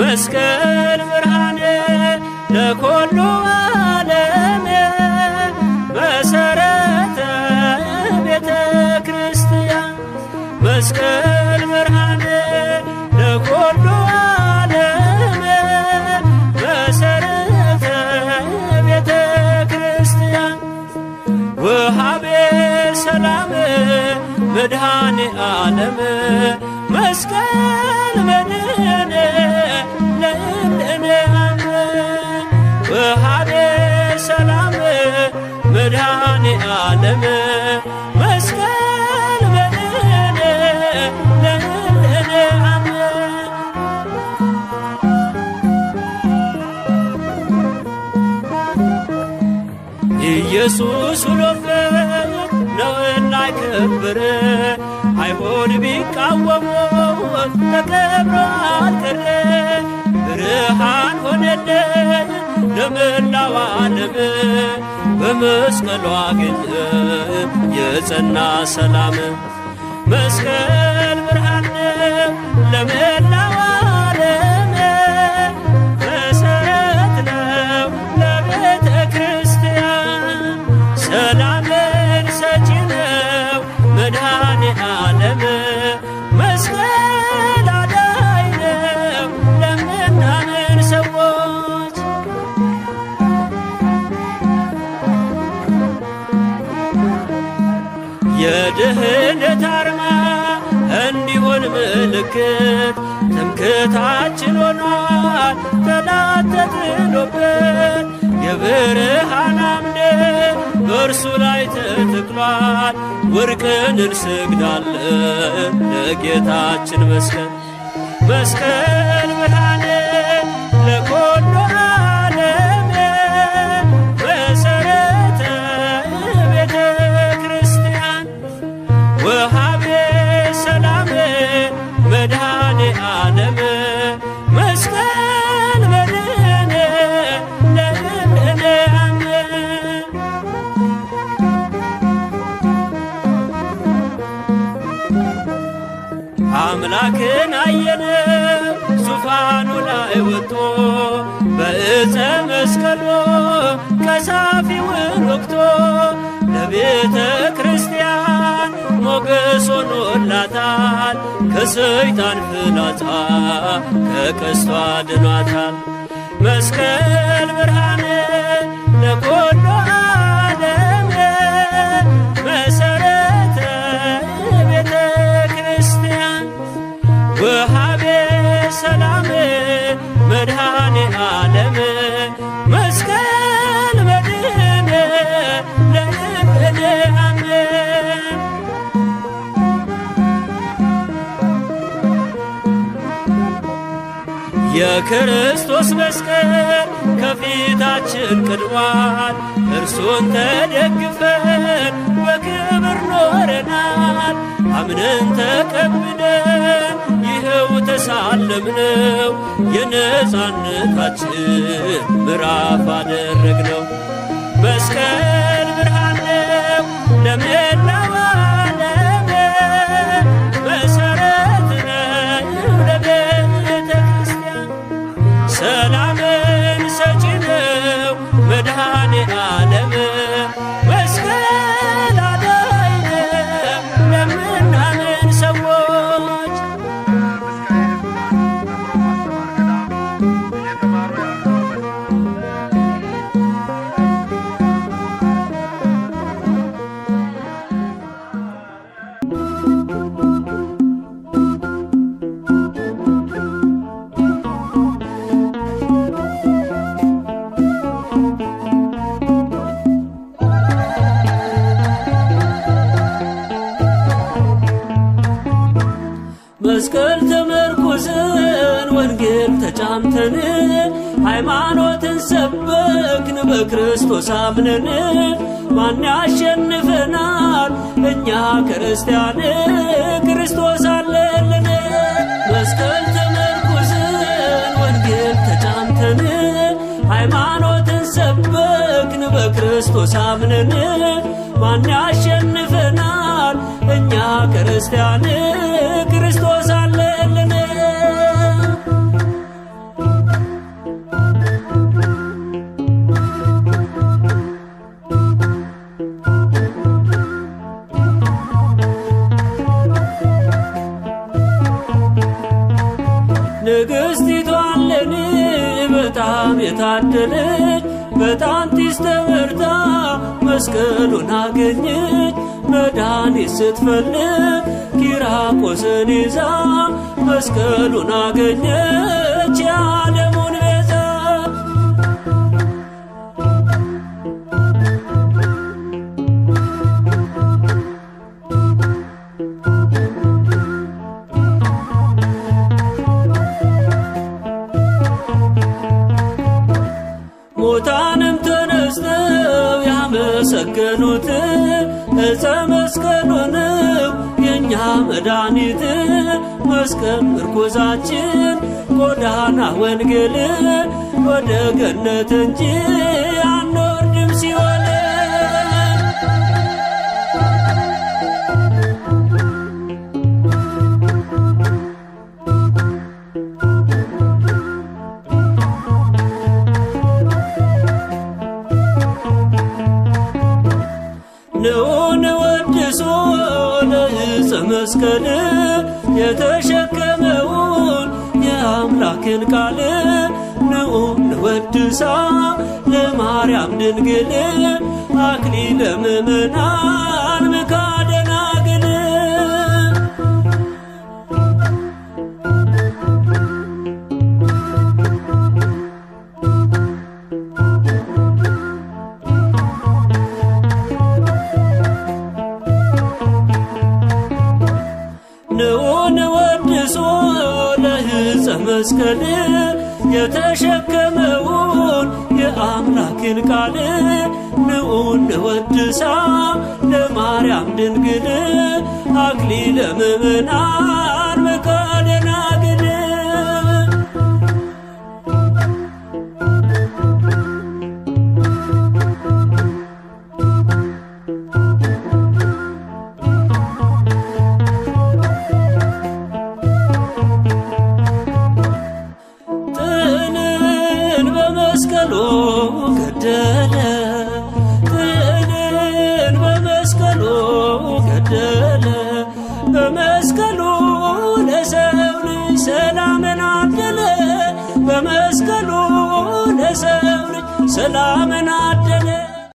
መስቀል ብርሃን ለኮሎ ወሃቤ ሰላም መድኃኔ ዓለም መስቀል መድህን ለእንእንያም ወሃቤ ሰላም መድኃኔ ዓለም ኢየሱስ ሎፈ ነውና ክብር አይሁድ ቢቃወመው ተከብሮ አልቀረ ብርሃን ሆነልን ለመላው ዓለም በመስቀሏ ግን የጸና ሰላም መስቀል ብርሃን ለመ የድህነት አርማ እንዲሆን ምልክት ትምክታችን ሆኗል ጠላት ተጥሎበት የብርሃን አምድ በእርሱ ላይ ተተክሏል። ወርቅን እንሰግዳለን ለጌታችን መስቀል መስቀል ወሃቤ ሰላም መድኃኔ ዓለም አምላክን አየነ ዙፋኑ ላይ ወጥቶ በእፀ መስቀሎ ቀሳፊውን ወቅቶ ለቤተ ክርስቲያን ሞገስ ሆኖላታል፣ ከሰይጣን ፍላጻ ከቀስቷ ድኗታል መስቀል ብርሃን የክርስቶስ መስቀል ከፊታችን ቅድሟል። እርሱን ተደግፈን በክብር ኖረናል። አምነን ተቀብለን ይኸው ተሳለምነው። የነፃነታችን ምዕራፍ አደረግነው መስቀል የጌታን ወንጌል ተጫምተን ሃይማኖትን ሰበክን በክርስቶስ አምነን ማን ያሸንፈናል? እኛ ክርስቲያን ክርስቶስ አለልን። መስቀል ተመርኩዘን ወንጌል ተጫምተን ሃይማኖትን ሰበክን በክርስቶስ አምነን ማን ያሸንፈናል? እኛ ክርስቲያን የታደለች በጣንቲስ ተመርታ መስቀሉን አገኘች። መድኃኒት ስትፈልግ ኪራቆስን ይዛ መስቀሉን አገኘች። የዓለም ሙታንም ተነስተው ያመሰገኑት እፀ መስቀሉንም የእኛ መድኃኒት መስቀል ምርኩዛችን ጎዳና ወንጌል ወደ ገነት እንጂ መስቀል የተሸከመውን የአምላክን ቃል ንዑ ንወድሳ ለማርያም ድንግል አክሊለ ምእመናን መስቀል የተሸከመውን የአምላክን ቃል ንዑን ለማርያም ድንግል አክሊለ